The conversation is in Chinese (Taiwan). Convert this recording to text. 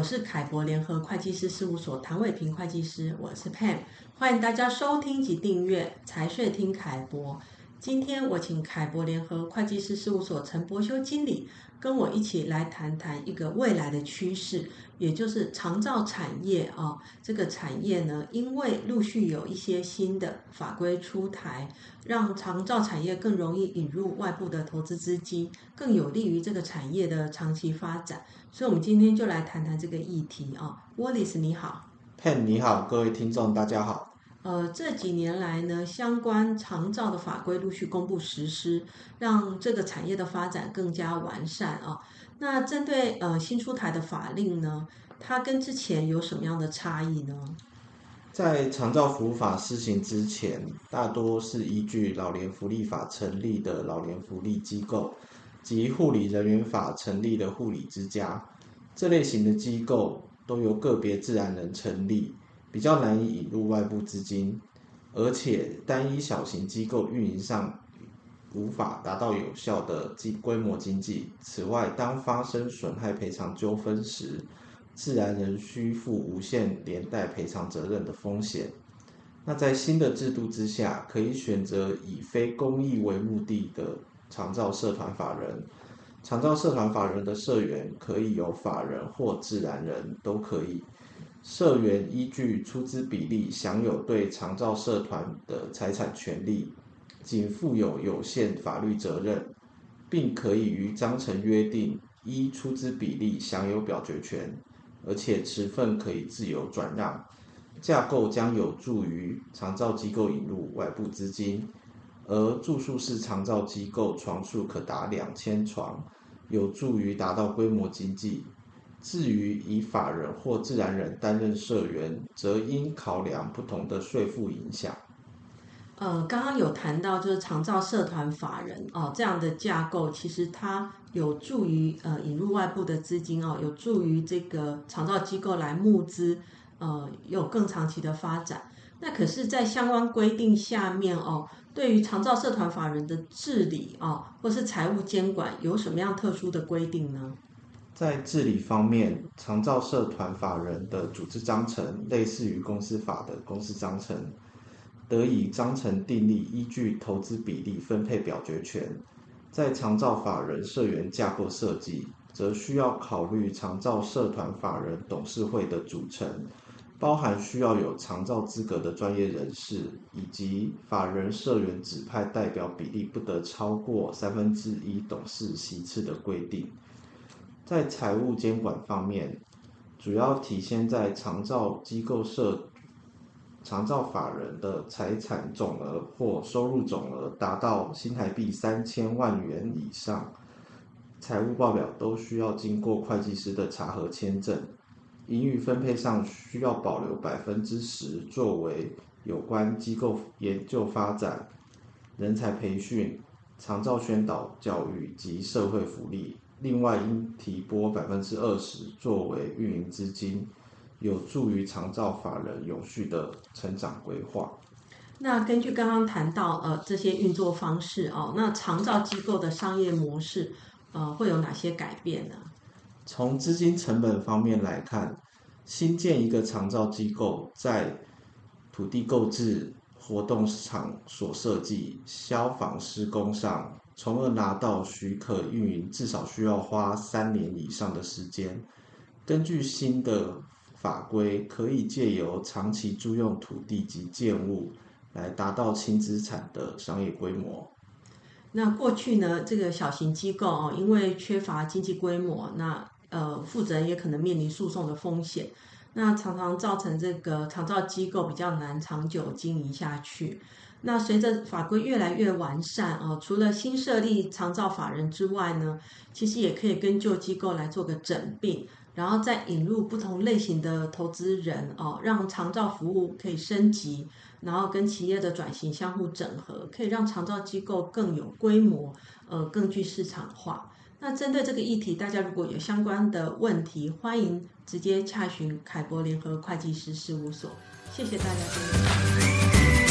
我是凱博聯合會計師事務所唐偉平會計師，我是 Pam，歡迎大家收聽及訂閱財稅聽凱博。今天我請凱博聯合會計師事務所陳博修經理跟我一起來談談一個未來的趨勢，也就是長照產業啊、哦，這個產業呢，因為陸續有一些新的法規出台，讓長照產業更容易引入外部的投資資金，更有利於這個產業的長期發展。所以，我們今天就來談談這個議題啊。哦、Wallace 你好，Pen 你好，各位聽眾大家好。呃，這幾年來呢，相關長照的法規陸續公布實施，讓這個產業的發展更加完善啊。那針對呃新出台的法令呢，它跟之前有什麼樣的差異呢？在長照服務法施行之前，大多是依據老年福利法成立的老年福利機構及護理人員法成立的護理之家，這類型的機構都由個別自然人成立。比較難以引入外部資金，而且單一小型機構運營上無法達到有效的經規模經濟。此外，當發生損害賠償糾紛時，自然人需負無限連帶賠償責任的風險。那在新的制度之下，可以選擇以非公益為目的的長照社團法人。長照社團法人的社員可以由法人或自然人都可以。社員依據出資比例享有對長照社團的財產權利，僅負有有限法律責任，並可以於章程約定依出資比例享有表決權，而且持份可以自由轉讓。架構將有助於長照機構引入外部資金，而住宿式長照機構床數可達兩千床，有助於達到規模經濟。至於以法人或自然人擔任社員，則應考量不同的稅負影響。呃，剛剛有談到就是長照社團法人哦，這樣的架構其實它有助於呃引入外部的資金哦，有助於這個長照機構來募資，呃，有更長期的發展。那可是，在相關規定下面哦，對於長照社團法人的治理哦，或是財務監管有什麼樣特殊的規定呢？在治理方面，長照社團法人的組織章程，類似於公司法的公司章程，得以章程訂立依據投資比例分配表決權。在長照法人社員架構設計，則需要考慮長照社團法人董事會的組成，包含需要有長照資格的專業人士，以及法人社員指派代表比例不得超過三分之一董事席次的規定。在財務監管方面，主要體現在長照機構設長照法人的財產總額或收入總額達到新台幣三千萬元以上，財務報表都需要經過會計師的查核簽證。盈餘分配上需要保留百分之十作為有關機構研究發展、人才培訓、長照宣導教育及社會福利。另外，應提撥百分之二十作為運營資金，有助於長照法人永續的成長規劃。那根據剛剛談到，呃，這些運作方式哦，那長照機構的商業模式，呃，會有哪些改變呢？從資金成本方面來看，新建一個長照機構，在土地購置、活動場所設計、消防施工上。從而拿到許可運營，至少需要花三年以上的時間。根據新的法規，可以借由長期租用土地及建物，來達到輕資產的商業規模。那過去呢，這個小型機構，哦，因為缺乏經濟規模，那呃，負責人也可能面臨訴訟的風險。那常常造成這個長照機構比較難長久經營下去。那隨着法規越來越完善哦，除了新設立長照法人之外呢，其實也可以跟舊機構來做個整併，然後再引入不同類型的投資人哦，讓長照服務可以升級，然後跟企業的轉型相互整合，可以讓長照機構更有規模，呃，更具市場化。那針對這個議題，大家如果有相關的問題，歡迎直接洽詢凱博聯合會計師事務所。謝謝大家。